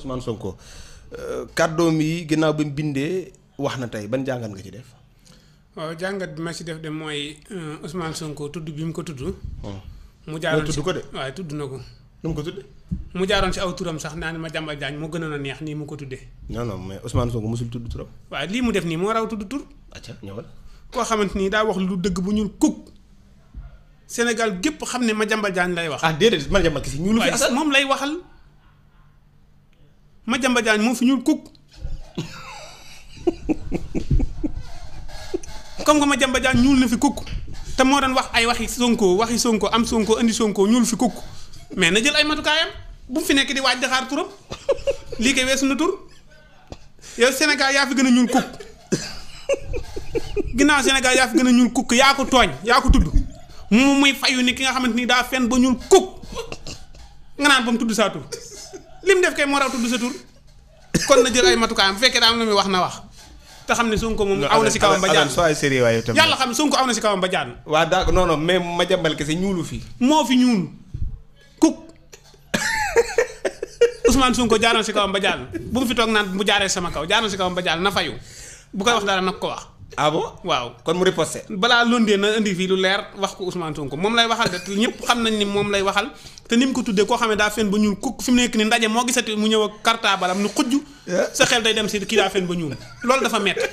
Ousmane Sonko euh, kàddoom yi ginnaaw bi mu bindee wax na tey ban jàngat nga ci def. waaw jàngat bi ma ci def de mooy euh, Ousmane Sonko tudd bi mu ko tudd. Oh. mu jaaroon tudd ko tudd na ko. nu ko tuddee. mu jaaroon si aw turam sax naa ne ma jàmbal jaañ mu gënoon a neex nii mu ko tuddee. non non mais Ousmane Sonko mosul tudd turam. waaw lii mu def nii moo raw tudd tur. acca ñëwal. koo xamante ni daa wax lu dëgg bu ñuul kuk. senegal gépp xam ne ma jàmbal jaañ lay wax. ah déedéet ma jàmbal si ñu lu fi asal moom lay waxal. ma Diagne moom fi ñuul kukk comme que ma Diagne ñuul na fi kukk te moo doon wax ay waxi Sonko waxi Sonko am Sonko indi Sonko ñuul fi kukk mais na jël ay matukaayam bu mu fi nekk di waaj daxaar turam lii koy weesu na tur yow Sénégal yaa fi gën a ñuul kukk ginnaaw Sénégal yaa fi gën a ñuul kukk yaa ko tooñ yaa ko tudd moom muy fayu ni ki nga xamante ni daa fen ba ñuul kukk nga naan ba mu tudd saa tur lim def kay moo raw tudd sa tur kon na jël ay matukaayam bu fekkee daa am lu muy wax na wax te xam ne Sonko moom aw na si kawam ba jaan yàlla xam ne Sonko aw na si kawam ba jaan waa d'accord non non mais ma jàmbal kese ñuulu fi moo fi ñuul kuk Ousmane Sonko jaaroon si am ba jaan bu mu fi toog naan bu jaaree sama kaw jaaroon si kawam ba jaan na fayu bu koy wax dara nag ko wax ah bon waaw kon mu riposté. balaa londee na indi fii lu leer wax ko Ousmane Sonko moom lay waxal de ñëpp xam nañ ni moom lay waxal te ni mu ko tuddee koo xam ne daa fen ba ñuul kuk fi mu nekk ni ndaje moo gisati mu ñëw ak kartaabalam nu xujj eh? sa dem si kii daa fen ba ñuul loolu dafa métti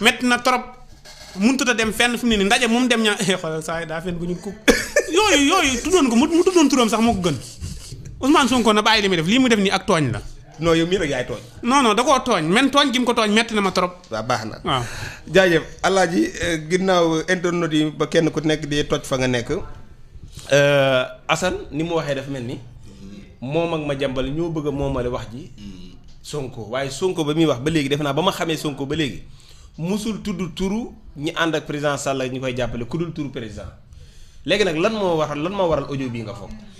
métti na trop mënut a dem fenn fi mu ndaje moom dem ñaa eh, xoolal saa yi daa fen ba ñuul yooyu yooyu tuddoon ko mu tuddoon turam sax moo ko gën Ousmane Sonko bàyyi li muy def lii muy def nii ak tooñ la. non yow mii rek yaay tooñ. non da koo tooñ men tooñ gi mu ko tooñ metti na ma trop. waaw baax na waaw. jaajëf alaaji eh, ginnaaw internet yi ba kenn ku nekk di toj fa nga nekk. Eh, Assane ni mu waxee dafa mel ni moom ak ma jàmbal ñoo bëgg a moomale wax ji. Sonko waaye Sonko ba muy wax ba léegi defe naa ba ma xamee Sonko ba léegi musul tudd turu ñi ànd ak président Sall ñu koy jàppale ku dul turu président léegi nag lan moo waral lan moo waral audio bii nga foog.